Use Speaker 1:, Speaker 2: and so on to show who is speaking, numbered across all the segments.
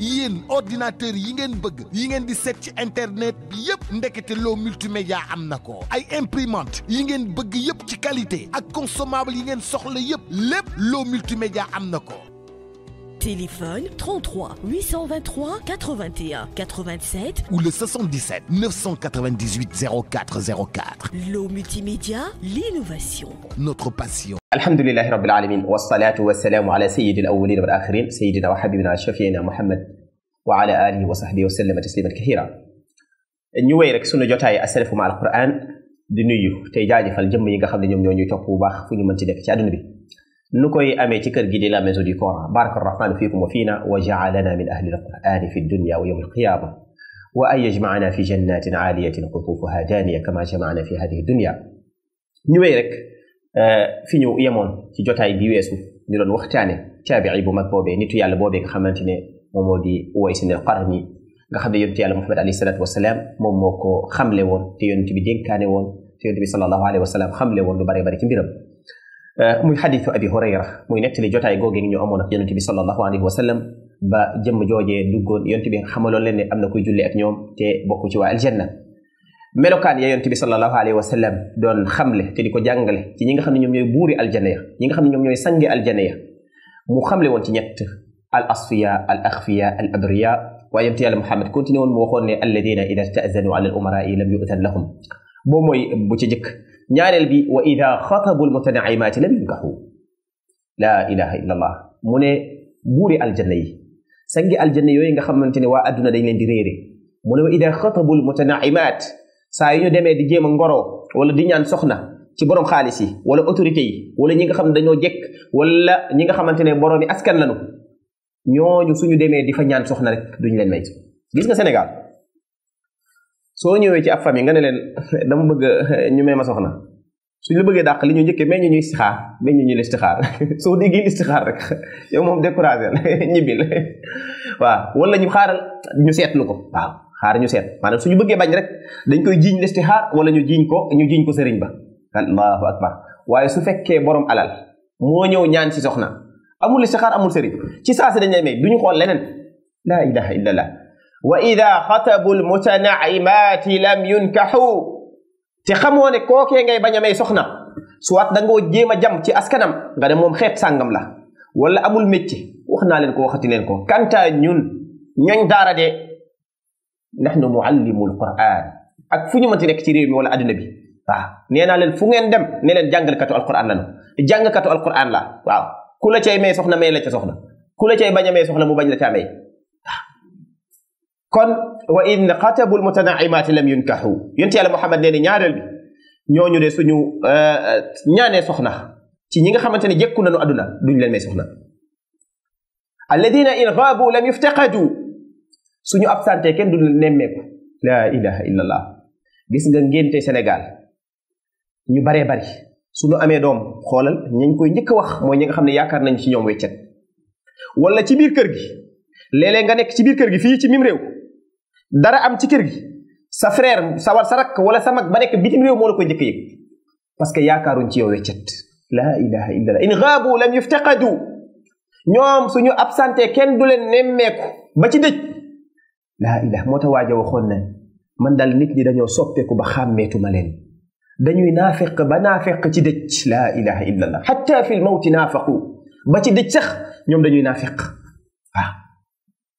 Speaker 1: yéen ordinateur yi ngeen bëgg yi ngeen di internet bi yëpp ndekete multimédia am na ko ay imprimante yi ngeen bëgg yépp ci qualité ak consommable yi ngeen soxla yépp lépp loo multimédia am Téléphone 33 823 81 87 ou le 77 998 0404. L'eau multimédia, l'innovation. Notre passion.
Speaker 2: الحمد لله رب العالمين والصلاة والسلام على سيد الأولين والآخرين سيدنا وحبيبنا شفينا محمد وعلى آله وصحبه وسلم تسليما كثيرا إن يويرك سنة جوتاي أسلف مع القرآن دنيو تيجاجي فالجمع يغا خبن يوم يوم يتوقو باخ فني من تدك شادن بي نكوي أمي تكر جدي لامن زودي كورا بارك الرحمن فيكم وفينا وجعلنا من أهل القرآن في الدنيا ويوم القيامة وأن يجمعنا في جنات عالية قطوفها دانية كما جمعنا في هذه الدنيا نويرك fi ñëw yemoon ci jotaay bi weesu ñu doon waxtaane taabici bu mag boobee nitu yàlla boobee nga xamante ne moom moo di waysin al qarni nga xam ne yonte yàlla muhammad alayhi salatu wasalaam moom moo ko xamle woon te yonte bi dénkaane woon te yonte bi salallahu alayhi wa xamle woon lu bare bare ci mbiram muy xadisu abi hurayra muy nettali jotaay googee ñu amoon ak yonente bi salallahu alayhi wa ba jëmm joojee duggoon yonte bi xamaloon leen ne am na kuy julli ak ñoom te bokku ci waa aljanna melokaan ya yonte bi sallallahu alayhi wa sallam don xamle te diko jàngale ci ñi nga xamni ñom ñoy buri aljanna ya ñi nga xamni ñom ñoy ñooy sange aljana ya mu xamle won ci ñett al asfiya al akhfiya al adriya wa yonte yàlla muhammad continué won mu waxoon ne alladina ida staazanu ala al umarai lam yu'tan lahum bo moy bu ci jëkk ñaarel bi wa idha khatabu al mutana'imat lam yunkaxu la ilaha illa allah mu ne buuri aljana yi sange aljanna yoy nga xamanteni wa aduna dañ leen di réere mu ne wa idha khatabu al mutana'imat saa yu ñu demee di jéem a ngoroo wala di ñaan soxna ci borom xaalis yi wala autorité yi wala ñi nga xam ne dañoo jekk wala ñi nga xamante ne borom yi askan lañu ñooñu suñu demee di fa ñaan soxna rek duñ leen may gis nga Sénégal soo ñëwee ci ab famille nga ne leen dama bëgg ñu may ma soxna suñ la bëggee dàq li ñu njëkkee mais ñu ñuy istixaar mais ñu ñuy istixaar soo déggee istixaar rek yow moom découragé ñibbil waaw wala ñu xaaral ñu seetlu ko xaar ñu seet maanaam suñu bëggee bañ rek dañ koy jiiñ xaar wala ñu jiiñ ko ñu jiiñ ko sëriñ ba allahu akbar waaye su fekkee borom alal moo ñëw ñaan si soxna amul lesti xaar amul sëriñ ci saa si dañ lay may duñu xool leneen la ilaha illallah wa ida xatabu lmutanaimati lam yunkaxu te xamoo ne kookee ngay bañ a may soxna soit da ngoo jéem a jam ci askanam nga ne moom xeet sàngam la wala amul métier wax naa leen ko waxati leen ko kanta ñun ñañ daara de نحن معلم القران اك فنيو متي نيك تي ولا ادنا بي وا نينا لين فوغين ديم نيلن جانغال كاتو القران لانو جانغ كاتو القران لا واو كولا تي مي سخنا مي لا تي سخنا كولا تي باجا مي سخنا مو باجا لا تي مي كون وان قتب المتنعمات لم ينكحوا ينتي على محمد نيني نيارل بي ньо ньо دي سونو آه، آه، نياني سخنا تي نيغا خامتاني جيكو نانو ادنا دون لين مي سخنا الذين ان غابوا لم يفتقدوا suñu absenté kenn du leen nemmeeku la ilaha illallah gis nga ngénte Sénégal ñu baree bari su suñu amee doom xoolal ñañ koy njëkk wax mooy ñi nga xam ne yaakaar nañ ci ñoom weccet wala ci biir kër gi léeg nga nekk ci biir kër gi fii ci mim réew dara am ci kër gi sa sa war sa rakk wala sa mag ba nekk parce que yaakaaruñ ci yow weccet in gaabu lam yuftaqadu ñoom suñu absenté kenn du leen nemmeeku ba ci dëj laa ilah moo tax waaja waxoon na man daal nit ñi dañoo soppeeku ba xàmmeetuma leen dañuy naafeq ba naafeq ci dëj laa ilaha illa allah xatta fi l mawti naafaqu ba ci dëj sax ñoom dañuy naafeq waaw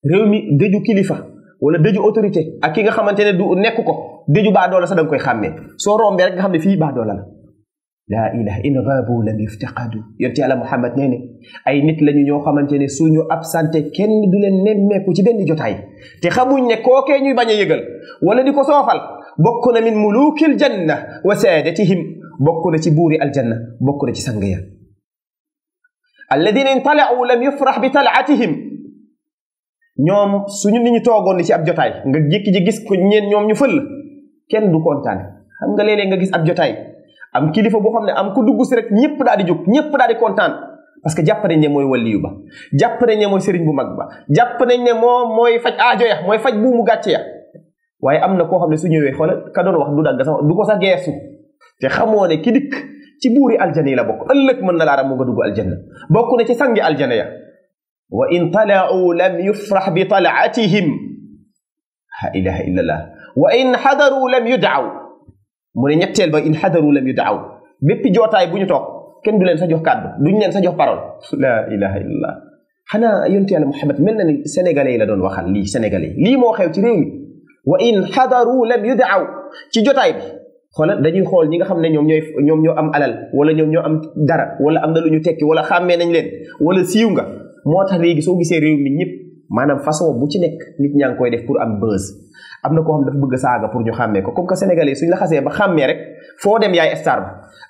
Speaker 2: réew mi dëju kilifa wala dëju autorité ak ki nga xamante ne du nekk ko dëju baadoola sax da koy xàmmee soo rombee rek nga xam ne fii baadoola la laa ilaha in raabu lam yuftaqadu yonte yàlla Muhammad nee ne ay nit lañu ñoo xamante ne suñu absenté kenn du leen nemmeeku ci benn jotaay te xamuñ ne kookee ñuy bañ a yëgal wala di ko soofal bokk na min mulukil janna wa saadatihim bokk na ci buuri aljanna bokk na ci sang ya alladina in talaau lam yufrax bi talaatihim ñoom suñu ni ñu toogoon ci ab jotaay nga jékki ji gis ko ñeen ñoom ñu fël kenn du kontaan xam nga léeg-léeg nga gis ab jotaay am kilifa boo xam ne am ku dugg si rek ñëpp daal di jóg ñëpp daal di kontaan parce que jàpp nañ ne mooy waliyu ba jàpp nañ ne mooy sëriñ bu mag ba jàpp nañ ne moom mooy faj aajo ya mooy faj buumu gàcce ya waaye am na koo xam ne su ñëwee xoolal ka doon wax du dagg sa geesu te xamoo ne ki dikk ci buuri aljana yi la bokk ëllëg mën na laa ram mu nga dugg aljanna bokk na ci sangi aljana ya wa in talaau lam yufrax bi talaatihim wa in xadaru lam yudaw mu ne ñetteel ba in xadaru lam yu daaw bépp jootaay bu ñu toog kenn du leen sa jox kàddu ñu leen sa jox parole la ilaha illallah xanaa yonte yàlla Muhammad mel na ni sénégalais yi la doon waxal lii sénégalais lii moo xew ci réew mi wa in xadaru lam yu daaw ci jotaay bi xoolal dañuy xool ñi nga xam ne ñoom ñooy ñoom ñoo am alal wala ñoom ñoo am dara wala am na lu ñu tekki wala xàmmee nañ leen wala siiw nga moo tax léegi soo gisee réew mi ñëpp maanaam façon bu ci nekk nit ñaa koy def pour am buzz am na koo xam dafa bëgg pour ñu xàmmee ko comme que sénégalais suñ la xasee ba xàmmee rek dem yaay star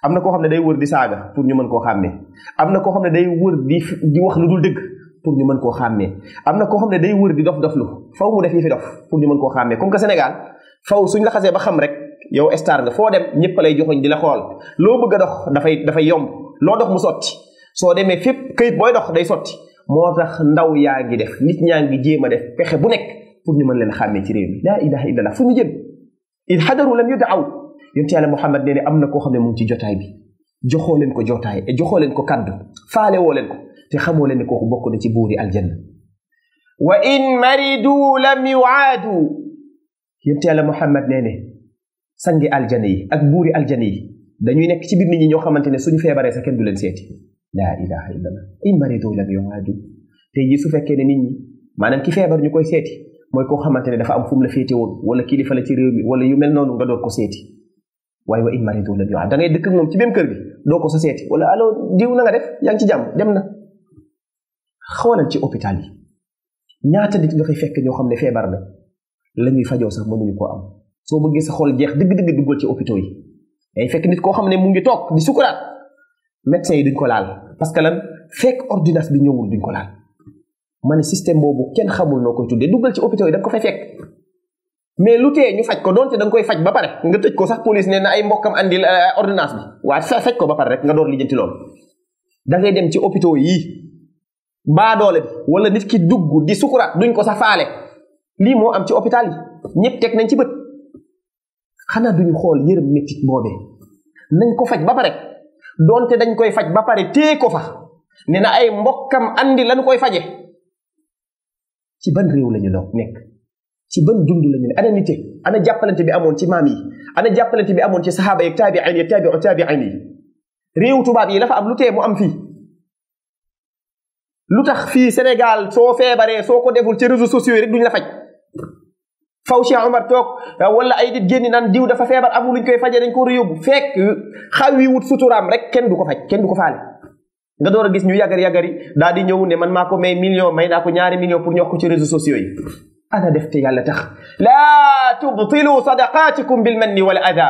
Speaker 2: am na koo xam ne day wër di saaga pour ñu mën koo xàmmee am na koo xam ne day wër di di wax lu dul dëgg pour ñu mën koo xàmmee am na koo xam ne day wër di dof dof lu faw mu def yi fi dof pour ñu mën koo xàmmee comme que Sénégal faw suñ la xasee ba xam rek yow star nga foo dem ñëpp lay joxoñ di la xool loo bëgg a dox dafay dafay yomb loo dox mu sot soo demee fépp kayit booy dox day sotti moo tax ndaw yaa ngi def nit ñaa ngi jéem a def pexe bu nekk pour ñu mën leen xàmmee ci réew mi la ilaha illallah fu ñu jëm il xadaru lam yudaaw yonte yàlla muhammad nee ne am na koo xam ne mu ngi ci jotaay bi joxoo leen ko jotaay e joxoo leen ko kaddu faale woo leen ko te xamoo leen ne kooku bokk na ci buuri aljanna wa in maridu lam yuaadu yonte yàlla muhammad nee ne sangi aljana yi ak buuri aljana yi dañuy nekk ci biir nit ñi ñoo xamante ne suñu feebaree sa kenn du leen seeti la ilaha illallah in maridu lam yuaadu tey ji su fekkee ne nit ñi maanaam ki feebar ñu koy seeti mooy koo xamante ne dafa am fu la féete woon wala kilifa la ci réew mi wala yu mel noonu nga door ko seeti waaye wa in maridu la biaa da ngay dëkk ak moom ci kër gi doo ko sa seeti wala allo diw na nga def yaa ngi ci jàmm dem na xawalal ci hôpital yi ñaata nit nga fay fekk xam ne feebar na la ñuy fajoo sax mënuñu koo am soo sa xol jeex dëgg-dëgg duggal yi day fekk nit koo xam ne mu ngi toog di sukuraat médecin yi duñ ko laal parce que lan fekk ordonnance bi ñëwul duñ ko laal ma ne système boobu kenn xamul noo koy tuddee duggal ci hôpital yi da nga mais lu tee ñu faj ko donte da nga koy faj ba pare nga tëj ko sax police nee na ay mbokkam andil euh, ordonnance bi waaye sa faj ko ba pare rek nga door lijjanti loolu da dem ci hôpital yi baa doole bi wala nit ki dugg di sukuraat duñ ko sax faale lii moo am ci hôpital yi ñëpp teg nañ ci bët xanaa duñu xool yërëm métit boobee nañ ko faj ba pare donte dañ koy faj ba pare téye ko fa nee na ay mbokkam andi lañu koy faje ci ban réew la ñu nekk ci ban dund la ñu ana nite ana jàppalante bi amoon ci maam yi ana jàppalante bi amoon ci saxaaba yeeg taabiin yeeg taabiu taabiin yi réew tubaab yi la fa am lu tee mu am fii lu tax fii Sénégal soo feebaree soo ko deful ci réseaux sociaux yi rek duñ la faj faw Cheikh Omar toog wala ay nit génn naan diw dafa feebar amul luñ koy fajee dañ ko war a yóbbu fekk xaw yi suturaam rek kenn du ko faj kenn du ko faale nga door a gis ñu yàggar yàggari daal di ñëw ne man maa ko may million may naa ko ñaari million pour ñox ko ci réseaux sociaux yi ana def te yàlla tax laa tubtilu sadaqaatikum bil manni wal ada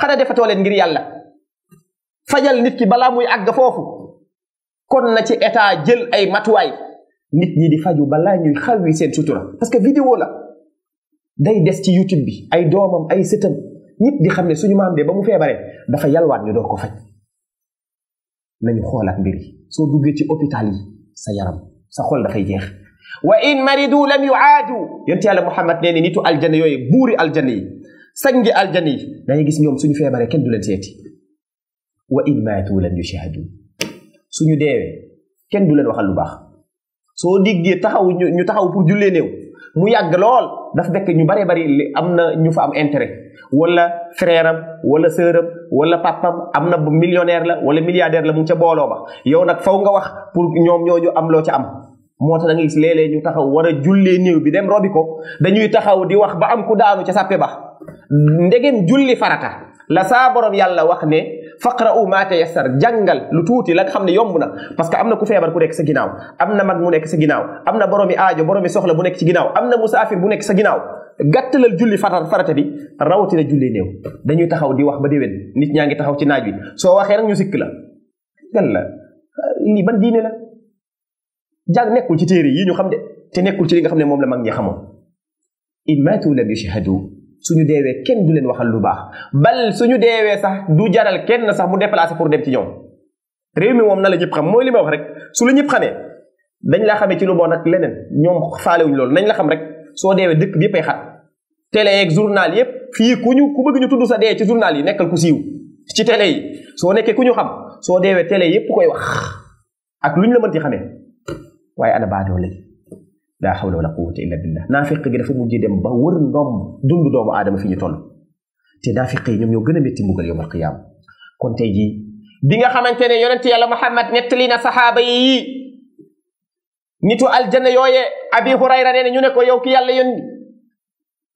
Speaker 2: xana defatoo leen ngir yàlla fajal nit ki balaa muy àgg foofu kon na ci état jël ay matuwaay nit ñi di faju balaa ñuy xawwi seen sutura parce que vidéo la day des ci youtube bi ay doomam ay sëtam nit di xam ne suñu maam de ba mu feebaree dafa waat ñu door ko faj nañu xoolaat mbir soo duggee ci hôpital sa yaram sa xol dafay jeex wa in maridu lam yuaadu yonent yàlla Muhammad nee ne nitu aljana yooyu buuri aljana yi sangi aljana yi dangay gis ñoom suñu feebaree kenn du leen seeti wa in maatu lam yushhadu suñu deewee kenn du leen waxal lu baax soo déggee taxaw ñu taxaw pour jullee néew mu yàgg lool dafa fekk ñu baree bari li am na ñu fa am intérêt walla frère am wala sœur am wala papam am na millionnaire la wala milliardaire la mu ca booloo ba yow nag faw nga wax pour ñoom ñooñu am loo ca am moo tax da nga gis léeg ñu taxaw war a jullee néew bi dem robi ko dañuy taxaw di wax ba am ku daanu ca sàppe ba ndegem julli farata la saa yàlla wax ne faqra'u ma tayassar jàngal lu tuti la nga xam ne parce que amna ku febar ku nek sa ginaaw amna mag mu nek sa ginaaw amna boromi aajo boromi soxla bu nek ci ginaaw amna musafir bu nek sa ginaaw gàttalal julli fatar farata bi na julli new dañuy taxaw di wax ba déwén nit ñangi taxaw ci naaj bi so waxe rek ñu sik la gan la ni ban diine la jàng nekul ci téré yi ñu xam de te nekul ci li nga xamne mom la mag ñi xamoo in la bi shahadu suñu deewee kenn du leen waxal lu baax bal suñu deewee sax du jaral kenn sax mu déplacé pour dem ci ñoom réew mi moom na la ñëpp xam mooy li ma wax rek su ñëpp xamee dañ laa xamee ci lu bon ak leneen ñoom faalewuñu loolu nañ la xam rek soo deewee dëkk yépp yëppay xat télé yeeg journal yëpp fii ku ñu ku bëgg ñu tudd sa dee ci journal yi nekkal ku siiw ci télé yi soo nekkee ku ñu xam soo deewee tele yëpp koy wax ak lu ñu la mënti xamee waaye ana baadoo léegi laa xawla wala quwwata illa billah naafiq gi dafa mujj dem ba wër ndoom dund doomu aadama fi ñu toll te naafiq yi ñoom ñoo gën a métti mbugal yowmal qiyaama kon tey jii bi nga xamante ne yonent yàlla Muhammad nettali na saxaaba yi nitu aljanna yooye abi hurayra nee na ko yow ki yàlla yónni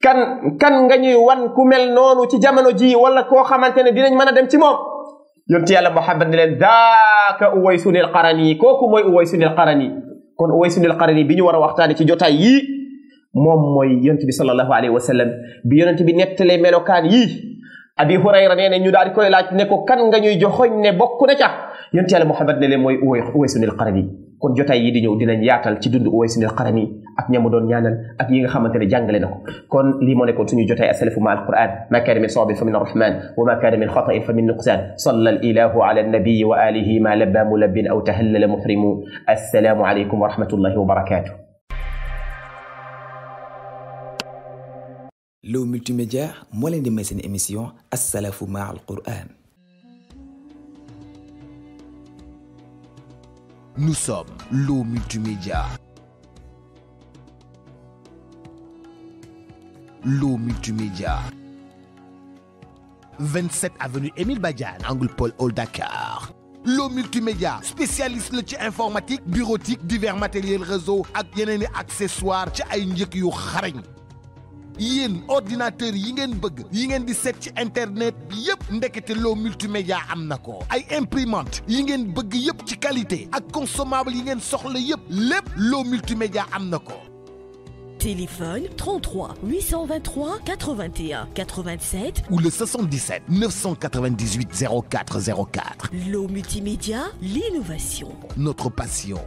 Speaker 2: kan nga ñuy wan ku mel noonu ci jamono ji wala koo xamante ne dinañ mën a dem ci moom yonent yàlla Muhammad ne leen daaka uwaysunil qarani kooku mooy uwaysunil qarani kon Uways al Qarni bi ñu war a waxtaane ci jotaay yii moom mooy yonent bi sallallahu alayhi wa sallam bi yonent bi nettalee melokaan yii Abi Hurayra nee ne ñu daal di koy laaj ne ko kan nga ñuy joxoñ ne bokk na ca yonent yàlla Muhammad ne leen mooy Uways al Qarni kon jotay yi di ñëw dinañ yaatal ci dund Uways ibn al ak ñamu doon ñaanal ak yi nga xamantene jàngale nako kon li mo nekkon suñu jotay asalafu ma alquran ma kaana min sawabin fa min arrahman wa ma kaana min xatain fa min nuqsan salla al ilahu ala an annabiyi wa alihi ma labba mulabbin aw tahallala muhrimu assalamu alaykum wa rahmatullahi wa barakatuh L'eau multimédia, moi l'un des mes émissions, As-Salafu Ma'al Qur'an. Nous sommes l'eau
Speaker 1: multimédia. L'eau multimédia. 27 avenue Émile Badian, Angle Paul Old Dakar. L'eau multimédia spécialiste le informatique bureautique divers matériels réseau et accessoires accessoires ci yéen ordinateur yi ngeen bëgg yi ngeen di seet ci internet bi yépp ndekete loo multimédia am na ko ay imprimante yi ngeen bëgg yépp ci qualité ak consommable yi ngeen soxla yépp lépp loo multimédia am na ko téléphone 33 823 81 87 ou le 77 998 0404 L'eau multimédia, l'innovation. Notre passion.